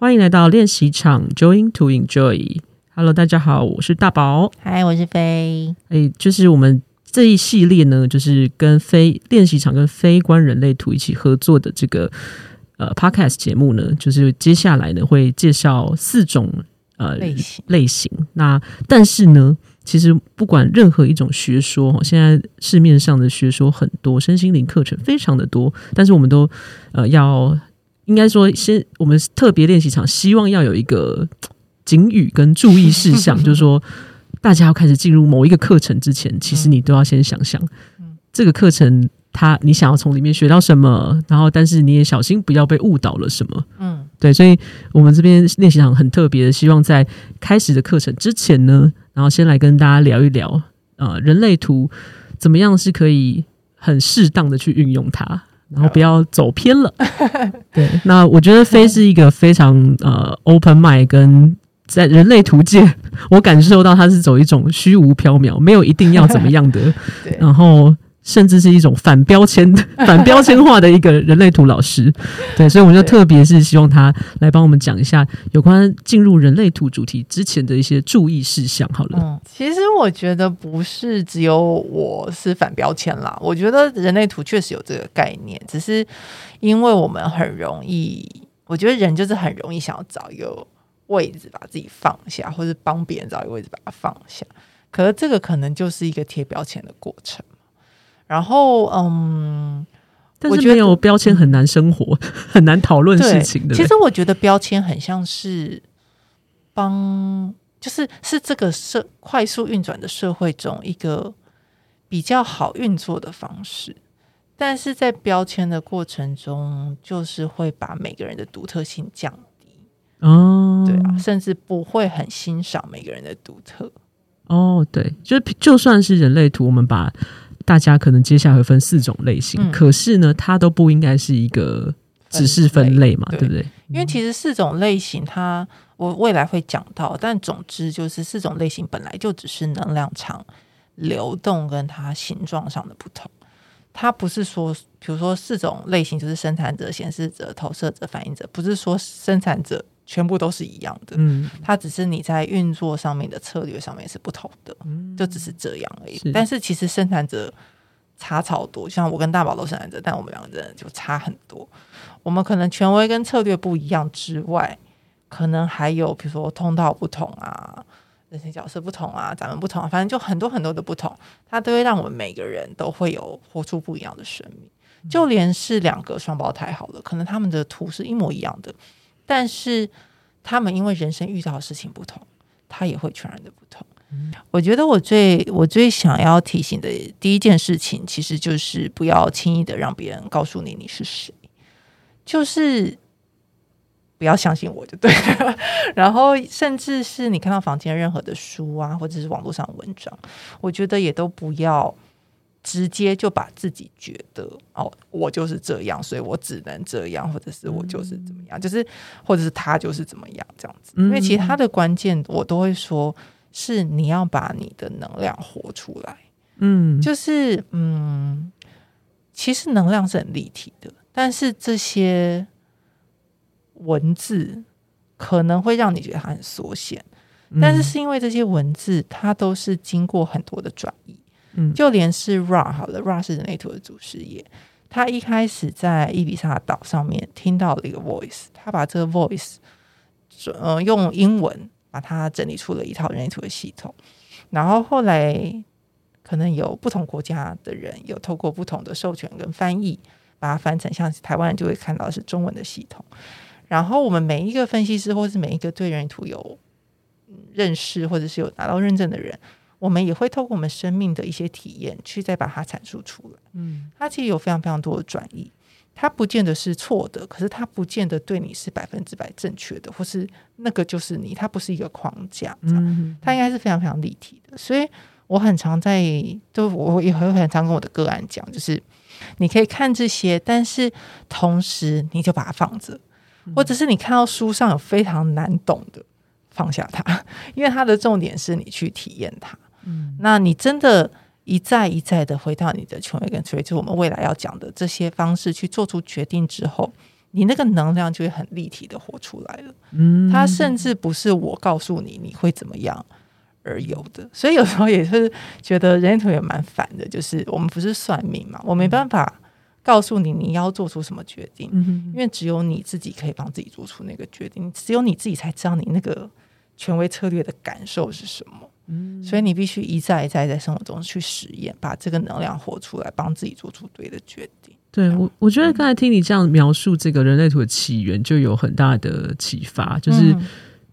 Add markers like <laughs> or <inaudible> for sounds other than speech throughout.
歡迎來到練習場，Join to Enjoy。Hello，大家好，我是大寶。嗨，我是 Faye。哎、欸，就是我們這一系列呢，就是跟 Faye 練習場跟 Faye 觀人類圖一起合作的這個呃 Podcast 節目呢，就是接下來呢會介紹四種呃類型類型。類型，那但是呢，其實不管任何一種學說，現在市面上的學說很多，身心靈課程非常的多，但是我們都呃要。應該說，先我們特別練習場希望要有一個警語跟注意事項，就是說，大家要開始進入某一個課程之前，其實你都要先想想，這個課程它你想要從裡面學到什麼，然後但是你也小心不要被誤導了什麼。嗯，對，所以我們這邊練習場很特別的，希望在開始的課程之前呢，然後先來跟大家聊一聊，呃，人類圖怎麼樣是可以很適當的去運用它。然後不要走偏了，好 <laughs> 對。那我覺得 Faye 是一個非常呃 open mind，跟在人類圖鑑，我感受到它是走一種虛無縹緲，沒有一定要怎麼樣的。 <laughs> 對然後。甚至是一種反標籤、反標籤化的一個人類圖老師，對，所以我們就特別是希望他來幫我們講一下有關進入人類圖主題之前的一些注意事項。好了，嗯，其實我覺得不是只有我是反標籤啦，我覺得人類圖確實有這個概念，只是因為我們很容易，我覺得人就是很容易想要找一個位置把自己放下，或是幫別人找一個位置把它放下，可是這個可能就是一個貼標籤的過程。然後，嗯，但是沒有標籤很難生活，很難討論事情的。對對其實我覺得標籤很像是幫，就是是這個社快速運轉的社會中一個比較好運作的方式。但是在標籤的過程中，就是會把每個人的獨特性降低。哦，對啊，甚至不會很欣賞每個人的獨特。哦，對，就是就算是人類圖，我們把。大家可能接下來會分四種類型，嗯、可是呢，它都不應該是一個只是分類嘛，類對不對？因為其實四種類型它，它我未來會講到，但總之就是四種類型本來就只是能量場流動跟它形狀上的不同，它不是說，比如說四種類型就是生產者、顯示者、投射者、反映者，不是說生產者。全部都是一樣的，嗯，它只是你在運作上面的策略上面是不同的，嗯，就只是這樣而已。是。但是其實生產者差超多，像我跟大寶都生產者，但我們兩個人就差很多。我們可能權威跟策略不一樣之外，可能還有比如說通道不同啊，人生角色不同啊，咱們不同啊，反正就很多很多的不同，它都會讓我們每個人都會有活出不一樣的生命。就連是兩個雙胞胎好了，可能他們的圖是一模一樣的。但是他們因為人生遇到的事情不同，他也會全然的不同。嗯、我覺得我最我最想要提醒的第一件事情，其實就是不要輕易的讓別人告訴你，你是誰，就是不要相信我就對了。 <laughs> 然後，甚至是你看到坊間任何的書啊，或者是網絡上的文章，我覺得也都不要，直接就把自己覺得哦，我就是這樣，所以我只能這樣，或者是我就是怎麼樣，嗯、就是或者是他就是怎麼樣這樣子。嗯、因為其他的關鍵，我都會說是你要把你的能量活出來。嗯，就是嗯，其實能量是很立體的，但是這些文字可能會讓你覺得它很縮寫，嗯、但是是因為這些文字它都是經過很多的轉移。就連是 Ra 好了 Ra 是人類圖的祖師爺。他一開始在伊比薩島上面聽到了一個 voice，他把這個 voice，呃，用英文把它整理出了一套人類圖的系統。然後後來可能有不同國家的人有透過不同的授權跟翻譯，把它翻成像是台灣人就會看到的是中文的系統。然後我們每一個分析師或是每一個對人類圖有認識或者是有達到認證的人。我們也會透過我們生命的一些體驗去再把它闡述出來。嗯，它其實有非常非常多的轉移，它不見得是錯的，可是它不見得對你是百分之百正確的，或是那個就是你，它不是一個框架，嗯、哼它應該是非常非常立體的。所以我很常在，就我也會很常跟我的個案講，就是你可以看這些，但是同時你就把它放着，或者是你看到書上有非常難懂的，放下它，因為它的重點是你去體驗它。嗯，那你真的一再一再的回到你的權威跟策略，就是，我們未來要講的這些方式去做出決定之後，你那個能量就會很立體的活出來了。嗯，他甚至不是我告訴你你會怎麼樣而有的，所以有時候也是覺得人圖也蠻煩的，就是我們不是算命嘛，我沒辦法告訴你你要做出什麼決定，嗯、因為只有你自己可以幫自己做出那個決定，只有你自己才知道你那個權威策略的感受是什麼。嗯、所以你必須一再一再在生活中去實驗，把這個能量活出來，幫自己做出對的決定。對我，嗯、我覺得剛才聽你這樣描述這個人類圖的起源，就有很大的啟發。就是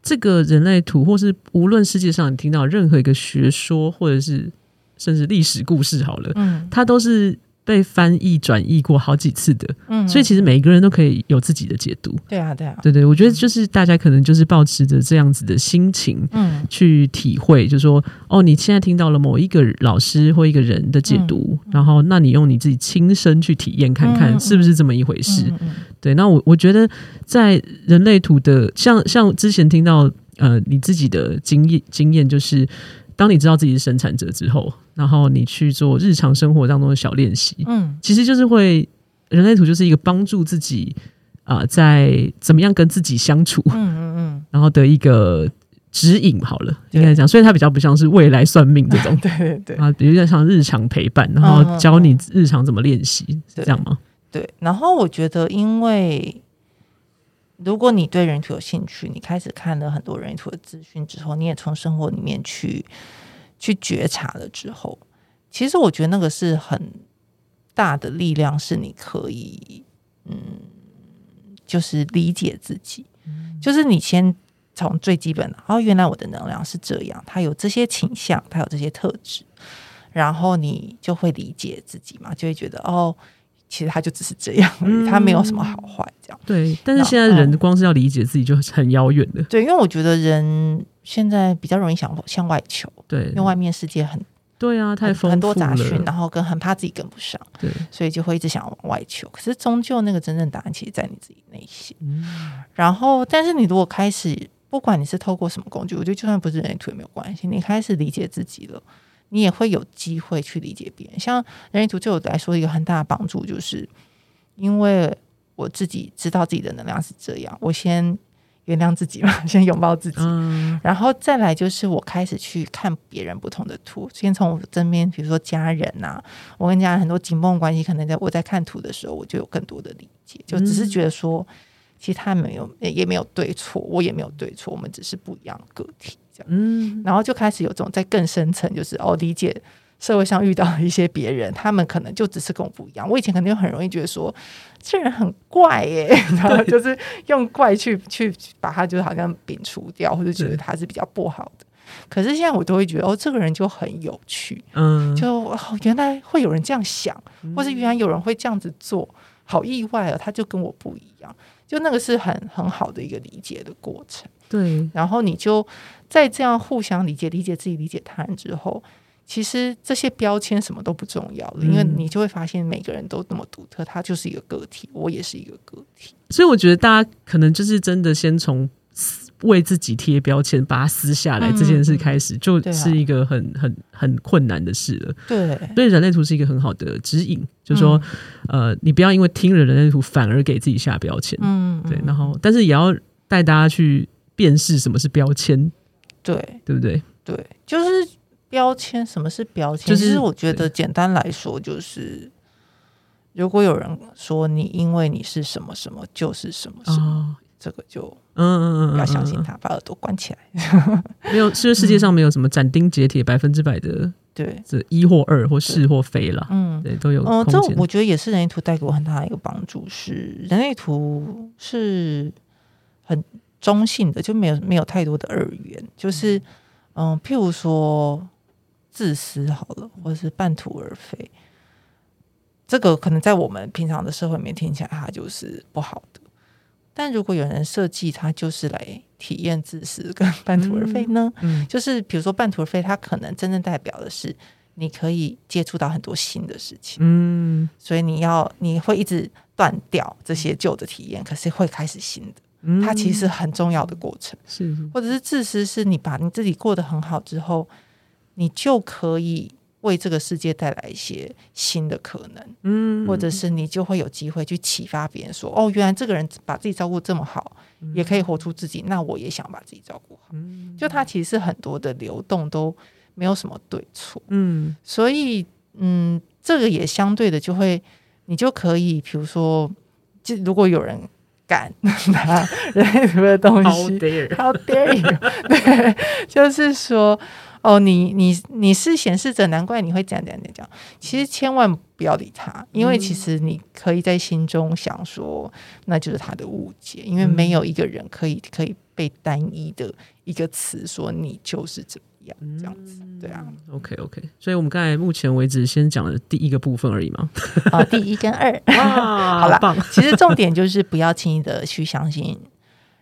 這個人類圖，或是無論世界上你聽到任何一個學說，或者是甚至歷史故事，好了，嗯，它都是。被翻譯轉譯過好幾次的，嗯，所以其實每一個人都可以有自己的解讀，對啊，對啊，對對，我覺得就是大家可能就是抱持着這樣子的心情，嗯，去體會，嗯、就說哦，你現在聽到了某一個老師或一個人的解讀，嗯、然後那你用你自己親身去體驗看看是不是這麼一回事，嗯嗯嗯嗯嗯、對，那我我覺得在人類圖的，像像之前聽到呃你自己的經驗經驗就是。當你知道自己是生產者之後，然後你去做日常生活當中的小練習，嗯，其實就是會人類圖就是一個幫助自己啊、呃，在怎麼樣跟自己相處，嗯嗯嗯，然後的一個指引。好了，應該對講，所以它比較不像是未來算命這種， <laughs> 對對對啊，有點像日常陪伴，然後教你日常怎麼練習，嗯嗯嗯這樣嗎？對，然後我覺得因為。如果你對人類圖有興趣，你開始看了很多人類圖的資訊之後，你也從生活裡面去去覺察了之後，其實我覺得那個是很大的力量，是你可以，嗯，就是理解自己，嗯、就是你先從最基本的，哦，原來我的能量是這樣，它有這些傾向，它有這些特質，然後你就會理解自己嘛，就會覺得哦。其實他就只是這樣，嗯、他沒有什麼好壞，這樣對。但是現在人光是要理解自己就很遙遠的，對，因為我覺得人現在比較容易想向外求，對，因為外面世界很對啊，太豐富了，很、很多雜訊，然後跟很怕自己跟不上，對，所以就會一直想要往外求。可是終究那個真正答案其實，在你自己內心。嗯、然後但是你如果開始，不管你是透過什麼工具，我覺得就算不是人類圖也沒有關係，你開始理解自己了。你也會有機會去理解別人。像人類圖對我來說有很大的幫助，就是因為我自己知道自己的能量是這樣，我先原諒自己嘛，先擁抱自己，嗯、然後再來就是我開始去看別人不同的圖，先從我身邊，比如說家人啊，我跟家人很多緊繃關係，可能在我在看圖的時候，我就有更多的理解，就只是覺得說。嗯其實他們沒有，也沒有對錯，我也沒有對錯，我們只是不一樣的個體，這樣。嗯，然後就開始有種在更深層，就是哦，理解社會上遇到的一些別人，他們可能就只是跟我不一樣。我以前可能就很容易覺得說這人很怪耶，欸，對然後就是用怪去去把他，就是好像摒除掉，或者覺得他是比較不好的。對可是現在我都會覺得哦，這個人就很有趣，嗯，就、哦、原來會有人這樣想，或是原來有人會這樣子做，好意外啊，哦！他就跟我不一樣。就那個是很很好的一個理解的過程，對。然後你就在這樣互相理解、理解自己、理解他人之後，其實這些標籤什麼都不重要了，嗯、因為你就會發現每個人都那麼獨特，他就是一個個體，我也是一個個體。所以我覺得大家可能就是真的先從。為自己貼標籤，把它撕下來這件事，開始，嗯啊，就是一個很很很困難的事了。對，所以人類圖是一個很好的指引，就是說，嗯、呃，你不要因為聽了人類圖，反而給自己下標籤。嗯，對。然後，但是也要帶大家去辨識什麼是標籤，對、嗯，對不對？對，就是標籤，什麼是標籤？就是、其實我覺得簡單來說，就是對如果有人說你因為你是什麼什麼，就是什麼什麼。哦這個就嗯，要相信他，嗯嗯嗯嗯嗯，把耳朵關起來。 <laughs> 沒有，是不是世界上沒有什麼斬釘截鐵、百分之百的，對、嗯，這一或二，或是或非啦。嗯對，對，都有。哦、嗯呃，這我覺得也是人類圖帶給我很大的一個幫助，是人類圖是很中性的，就沒有沒有太多的二元。嗯、就是嗯、呃，譬如說自私好了，或者是半途而廢，這個可能在我們平常的社會裡面聽起來，它就是不好的。但如果有人設計它，就是來體驗自私跟半途而廢呢？嗯嗯、就是比如說半途而廢，它可能真正代表的是你可以接觸到很多新的事情。嗯，所以你要你會一直斷掉這些舊的體驗，嗯、可是會開始新的，嗯、它其實是很重要的過程。嗯、是，是，或者是自私，是你把你自己過得很好之後，你就可以，為這個世界帶來一些新的可能，嗯，或者是你就會有機會去啟發別人說，嗯、哦，原來這個人把自己照顧這麼好，嗯、也可以活出自己，那我也想把自己照顧好。嗯、就它其實很多的流動都沒有什麼對錯，嗯，所以嗯，這個也相對的就會，你就可以，比如說，就如果有人敢拿人類什麼東西 <laughs> ，How dare? How dare? How dare? <laughs> 對，就是說。哦，你你你是顯示者，難怪你會講講講講。其實千萬不要理他，因為其實你可以在心中想說，那就是他的誤解。因為沒有一個人可以可以被單一的一個詞說你就是怎麼樣這樣子，對啊。OK OK，所以我們剛才目前為止先講了第一個部分而已嘛。啊、 <laughs> 呃，第一跟二，好了，其實重點就是不要輕易的去相信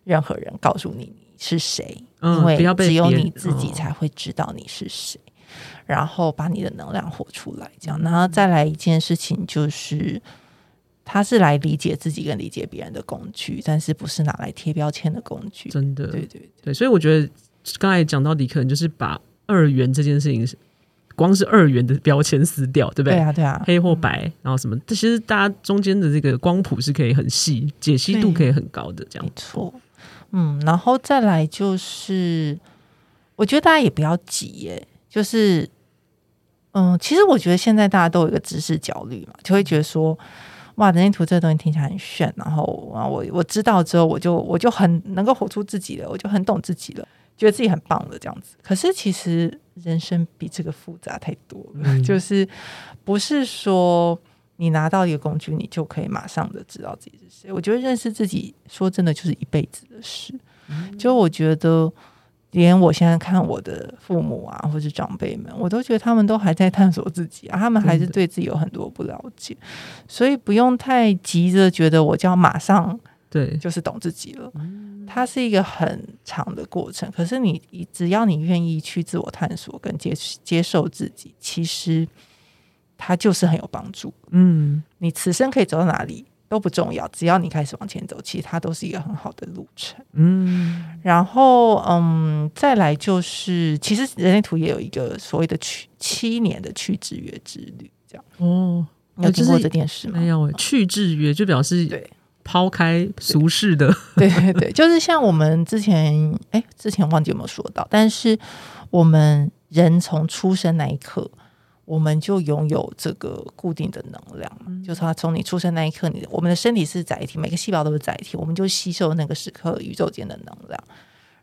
任何人告訴你你是誰。因為只有你自己才會知道你是誰，嗯，然後把你的能量活出來，這樣。然後再來一件事情，就是他是來理解自己跟理解別人的工具，但是不是拿來貼標籤的工具。真的，對對對，對。所以我覺得剛才講到底，可能就是把二元這件事情是光是二元的標籤撕掉，對不對？對啊，對啊，對啊，黑或白，然後什麼？其實大家中間的這個光譜是可以很細，解析度可以很高的，這樣。沒錯。嗯，然後再來就是，我覺得大家也不要急耶。就是，嗯，其實我覺得現在大家都有一個知識焦慮嘛，就會覺得說，哇，人類圖這個東西聽起來很炫，然後啊，我我知道之後，我就我就很能夠活出自己了，我就很懂自己了，覺得自己很棒了這樣子。可是其實人生比這個複雜太多了， <laughs> 就是不是說。你拿到一個工具，你就可以馬上的知道自己是誰。我覺得認識自己，說真的就是一輩子的事。嗯。就我覺得，連我現在看我的父母啊，或是長輩們，我都覺得他們都還在探索自己啊，他們還是對自己有很多不了解，真的。所以不用太急着覺得我就要馬上對，就是懂自己了。對。它是一個很長的過程。可是你只要你願意去自我探索跟接接受自己，其實。它就是很有幫助，嗯，你此生可以走到哪裡都不重要，只要你開始往前走，其實它都是一個很好的路程，嗯。然後，嗯，再來就是，其實人類圖也有一個所謂的去七年的去制約之旅，這樣哦。你有聽過這件事嗎？哦就是、沒有、欸、去制約就表示對拋開俗世的、嗯對，對對對，就是像我們之前哎、欸，之前忘記有沒有說到，但是我們人從出生那一刻。我們就擁有這個固定的能量嘛，嗯、就是他從你出生那一刻，你我們的身體是載體，每個細胞都是載體，我們就吸收那個時刻宇宙間的能量，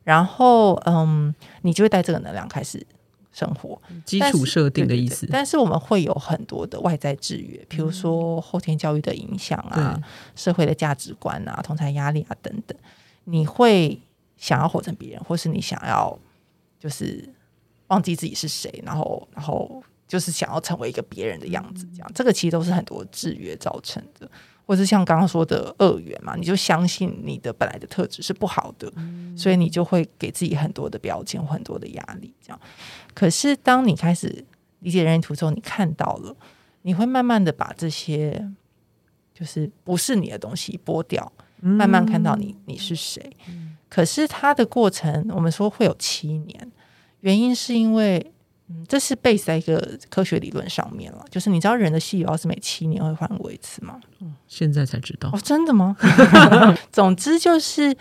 然後嗯，你就會帶這個能量開始生活。嗯、基礎設定的意思。但是，對對對，但是我們會有很多的外在制約，嗯、比如說後天教育的影響啊，啊社會的價值觀啊，同儕壓力啊等等。你會想要活成別人，或是你想要就是忘記自己是誰，然後然後，就是想要成為一個別人的樣子，這樣，嗯、這個其實都是很多制約造成的，或是像剛剛說的惡緣嘛，你就相信你的本來的特質是不好的，嗯、所以你就會給自己很多的標籤，很多的壓力，這樣。可是當你開始理解人類圖之後，你看到了，你會慢慢的把這些就是不是你的東西剝掉，慢慢看到你你是誰。嗯、可是它的過程，我們說會有七年，原因是因為。這是 base 在一個科學理論上面了，就是你知道人的細胞是每七年會換過一次嗎？現在才知道哦，真的嗎？ <laughs> <laughs> 總之就是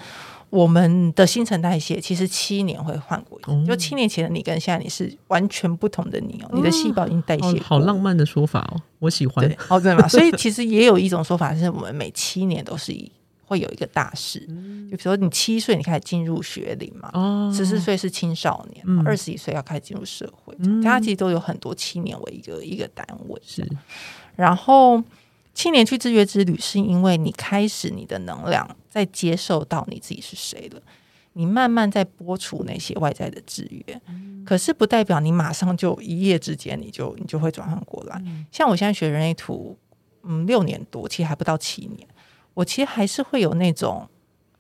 我們的新陳代謝其實七年會換過一次，嗯、就七年前的你跟現在你是完全不同的你哦，嗯、你的細胞已經代謝、嗯好。好浪漫的說法哦，我喜歡哦，對嗎 <laughs> 所以其實也有一種說法是我們每七年都是一會有一個大事，嗯、就比如說你七歲你開始進入學齡嘛，哦、十四歲是青少年嘛，二十一歲要開始進入社會。大家其實都有很多七年為一個一個單位，是。然後七年去制約之旅，是因為你開始你的能量在接受到你自己是誰了，你慢慢在撥除那些外在的制約，可是不代表你馬上就一夜之間你就你就會轉換過來。像我現在學人類圖，嗯，六年多，其實還不到七年，我其實還是會有那種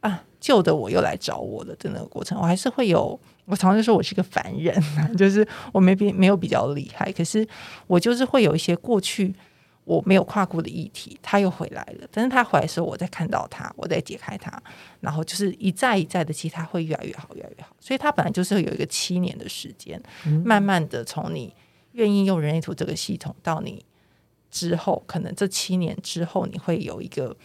啊，舊的我又來找我的的那個過程，我還是會有。我常常說我是一個凡人，就是我沒比沒有比較厲害，可是我就是會有一些過去我沒有跨過的議題，他又回來了。但是他回來的時候，我再看到他，我再解開他，然後就是一再一再的，其實他會越來越好，越來越好。所以，他本來就是有一個七年的時間，嗯、慢慢的從你願意用人類圖這個系統，到你之後，可能這七年之後，你會有一個。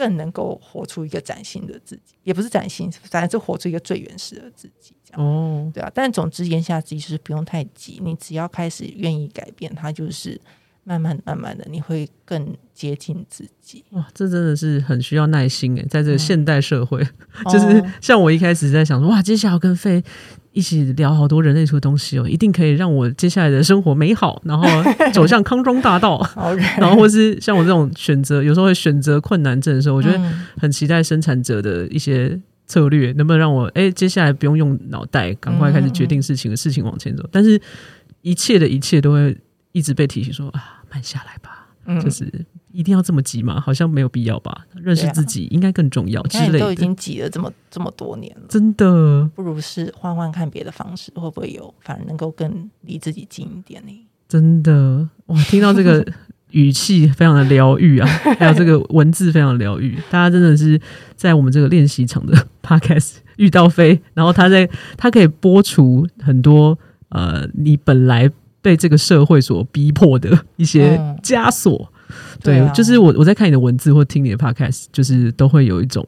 更能夠活出一個嶄新的自己，也不是嶄新，反正就活出一個最原始的自己這樣。嗯、對啊，但總之，言下之意就是不用太急，你只要開始願意改變，它就是。慢慢慢慢的，你會更接近自己。哇，這真的是很需要耐心誒、欸，在這個現代社會，嗯哦、 <laughs> 就是像我一開始在想說，哇，接下來要跟 Faye 一起聊好多人類圖的東西哦、喔，一定可以讓我接下來的生活美好，然後走向康莊大道。 <laughs> 人 <laughs> 然後或是像我這種選擇，有時候會選擇困難症的時候，我覺得很期待生產者的一些策略，嗯、能不能讓我哎、欸，接下來不用用腦袋，趕快開始決定事情的、嗯嗯、事情往前走，但是一切的一切都會。一直被提醒說啊，慢下來吧，嗯、就是一定要這麼急嗎？好像沒有必要吧。認識自己應該更重要。其實、嗯、都已經急了這麼這麼多年了，真的不如是換換看別的方式，會不會有？反而能夠更離自己近一點呢、欸。真的，我聽到這個語氣非常的療癒啊， <laughs> 還有這個文字非常療癒。 <laughs> 大家真的是在我們這個練習場的 Podcast 遇到 Faye，然後他在他可以播出很多呃，你本來。被這個社會所逼迫的一些枷鎖，嗯、對，對啊、就是我我在看你的文字或聽你的 podcast，就是都會有一種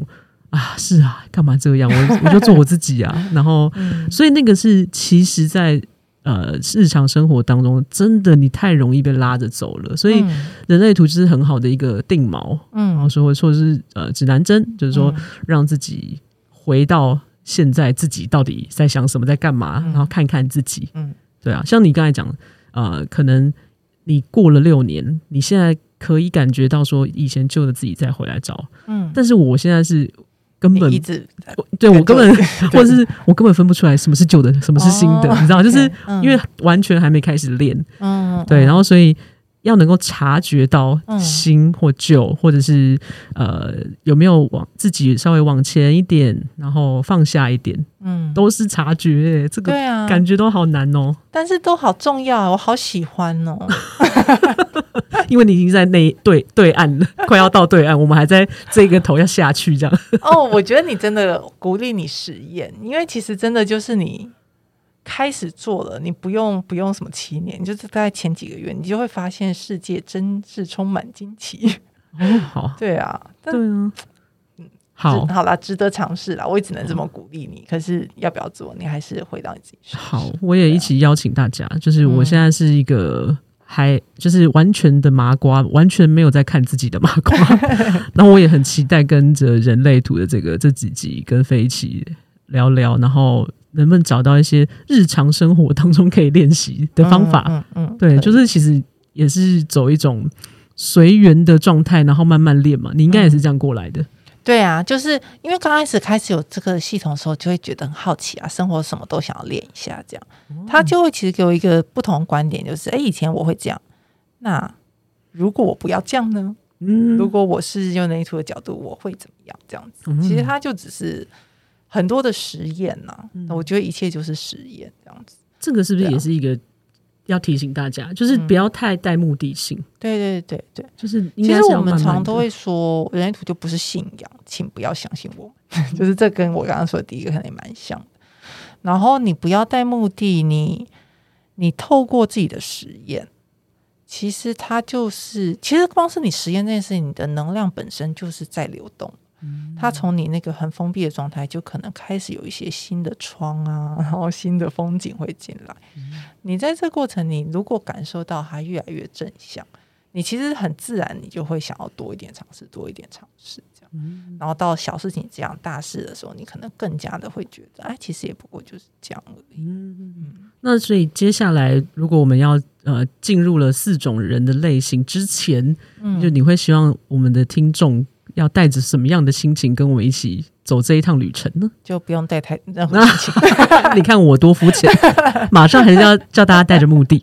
啊，是啊，幹嘛這樣？我 <laughs> 我就做我自己啊。然後，嗯、所以那個是其實在，在呃日常生活當中，真的你太容易被拉着走了。所以，人類圖就是很好的一個定錨，嗯，然後說說說是呃指南針，嗯、就是說讓自己回到現在自己到底在想什麼，在幹嘛，嗯、然後看看自己，嗯。對啊，像你剛才講，呃，可能你過了六年，你現在可以感覺到說以前舊的自己再回來找，嗯，但是我現在是根本，我，對，感覺，我根本，感覺，或者是我根本分不出來什麼是舊的，什麼是新的，哦，你知道，就是因為完全還沒開始練，嗯，對，然後所以。要能夠察覺到新或舊，嗯、或者是呃，有沒有往自己稍微往前一點，然後放下一點，嗯，都是察覺、欸。這個對啊，感覺都好難哦、喔啊，但是都好重要，我好喜歡哦、喔。 <laughs> 因為你已經在那對對岸了， <laughs> 快要到對岸，我們還在這個頭要下去這樣。哦 <laughs> ，oh, 我覺得你真的鼓勵你實驗，因為其實真的就是你。開始做了，你不用不用什麼七年，你就是大概前幾個月，你就會發現世界真是充滿驚奇、 <laughs> 哦。好，對啊，但對啊，嗯，好，好啦，值得嘗試啦，我也只能這麼鼓勵你。嗯、可是要不要做，你還是回到你自己。好，啊、我也一起邀請大家，就是我現在是一個、嗯、還就是完全的麻瓜，完全沒有在看自己的麻瓜。那 <laughs> 我也很期待跟着人類圖的這個這幾集跟 Faye 一起聊聊，然後。能不能找到一些日常生活當中可以練習的方法，嗯嗯嗯、對，以就是其實也是走一種隨緣的狀態，然後慢慢練嘛。你應該也是這樣過來的，嗯、對啊，就是因為剛開始開始有這個系統的時候，就會覺得很好奇啊，生活什麼都想要練一下，這樣、嗯、他就會其實給我一個不同的觀點，就是哎、欸，以前我會這樣，那如果我不要這樣呢？嗯，如果我是用人類圖的角度，我會怎麼樣？這樣子，嗯、其實他就只是。很多的實驗吶、啊，嗯、我覺得一切就是實驗這樣子。這個是不是也是一個要提醒大家，啊、就是不要太帶目的性。嗯、對對對對，就是，是慢慢的。其實我們常常都會說，人類圖就不是信仰，請不要相信我。 <laughs> 就是這跟我剛剛說的第一個可能也蠻像的。然後你不要帶目的，你你透過自己的實驗，其實它就是，其實光是你實驗這件事情，你的能量本身就是在流動。他從你那個很封閉的狀態，就可能開始有一些新的窗啊，然後新的風景會進來。嗯、你在這過程裡，你如果感受到它越來越正向，你其實很自然，你就會想要多一點嘗試，多一點嘗試這樣。嗯、然後到小事情這樣大事的時候，你可能更加的會覺得，哎，其實也不過就是這樣而已。嗯、那所以接下來，如果我們要呃進入了四種人的類型之前，就你會希望我們的聽眾。要帶着什麼樣的心情跟我一起走這一趟旅程呢？就不用帶太任何心情。 <laughs> <laughs> <laughs> 你看我多膚淺，馬上還是要叫大家帶着目的，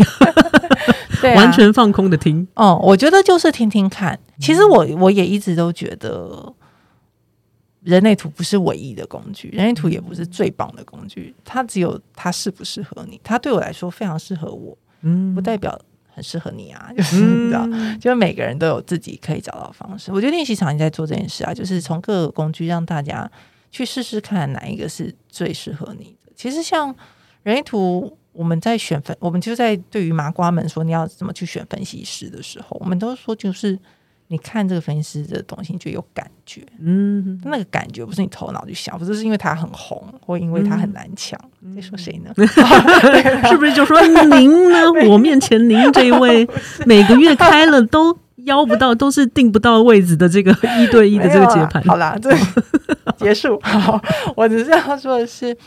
<laughs> 對，完全放空的聽。哦，我覺得就是聽聽看。其實我我也一直都覺得，人類圖不是唯一的工具，人類圖也不是最棒的工具。它只有它適不適合你。它對我來說非常適合我，嗯，不代表。適合你啊，就是你知道，就每個人都有自己可以找到方式。 <laughs> 我覺得練習場你在做這件事啊，就是從各個工具讓大家去試試看哪一個是最適合你的。其實像人類圖，我們在選分，我們就在對於麻瓜們說，你要怎麼去選分析師的時候，我們都說就是。你看這個分析師的東西，你就有感覺。嗯，那個感覺不是你頭腦就想，不是，是因為它很紅，或因為它很難搶。你、嗯、說誰呢？哦、 <laughs> 是不是就說您呢？ <laughs> 我面前您這一位，每個月開了都邀不到， <laughs> 都是定不到位置的這個一對一的這個接盤、啊。好啦，對， <laughs> 結束。好，我只是要說的是，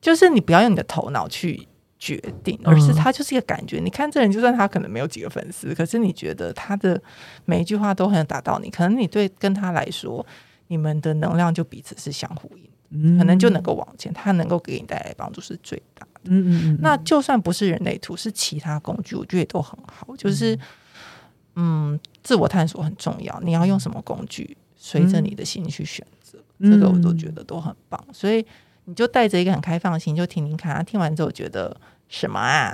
就是你不要用你的頭腦去決定，而是他就是一個感覺。你看這人，就算他可能沒有幾個粉絲，可是你覺得他的每一句話都很有打到你。可能你對跟他來說，你們的能量就彼此是相互應，可能就能夠往前。他能夠給你帶來幫助是最大的。那就算不是人類圖，是其他工具，我覺得也都很好。就是，嗯，自我探索很重要。你要用什麼工具，隨着你的心去選擇。這個我都覺得都很棒。所以你就帶着一個很開放的心，就聽聽看、啊。聽完之後覺得。什麼啊？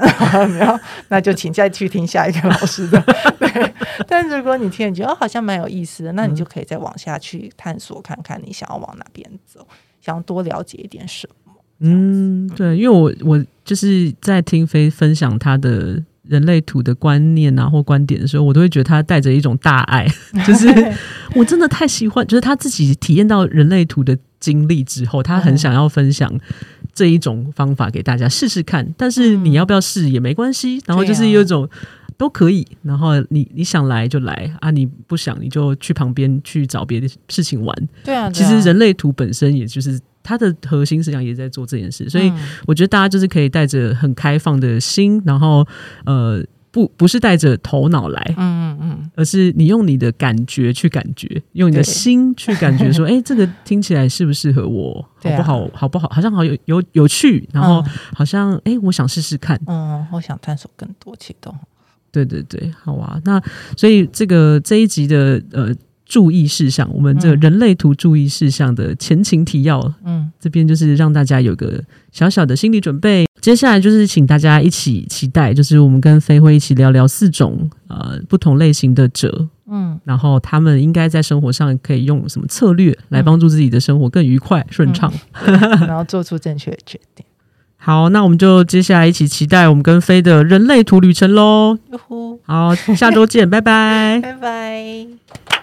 然 <laughs> <laughs> 那就請再去聽下一個老師的 <laughs> 對。但如果你聽了你覺得、哦、好像蠻有意思的，那你就可以再往下去探索看看，你想要往哪邊走，想要多了解一點什麼。嗯，對，因為我我就是在聽 Faye 分享他的人類圖的觀念啊或觀點的時候，我都會覺得他帶着一種大愛，就是我真的太喜歡， <laughs> 就是他自己體驗到人類圖的。經歷之後，他很想要分享這一種方法給大家試試、嗯、看，但是你要不要試也沒關係。嗯、然後就是有一種、啊、都可以，然後你你想來就來啊，你不想你就去旁邊去找別的事情玩。對啊，對啊，其實人類圖本身也就是它的核心思想，也在做這件事，所以我覺得大家就是可以帶着很開放的心，然後呃。不不是帶着頭腦來，嗯嗯嗯，而是你用你的感覺去感覺，用你的心去感覺，說，哎對、欸，這個聽起來適不適合我？ <laughs> 啊、好不好？好不好？好像好有有有趣，然後好像，哎、嗯欸，我想試試看。嗯，我想探索更多啟動。對對對，好啊。那所以這個這一集的呃。注意事項，我們這個人類圖注意事項的前情提要，嗯，嗯，這邊就是讓大家有個小小的心理準備。接下來就是請大家一起期待，就是我們跟飛會一起聊聊四種呃不同類型的者，嗯，然後他們應該在生活上可以用什麼策略來幫助自己的生活更愉快順暢，然後做出正確的決定。好，那我們就接下來一起期待我們跟飛的人類圖旅程嘍。呃、呼好，下周見， <laughs> 拜拜，拜拜。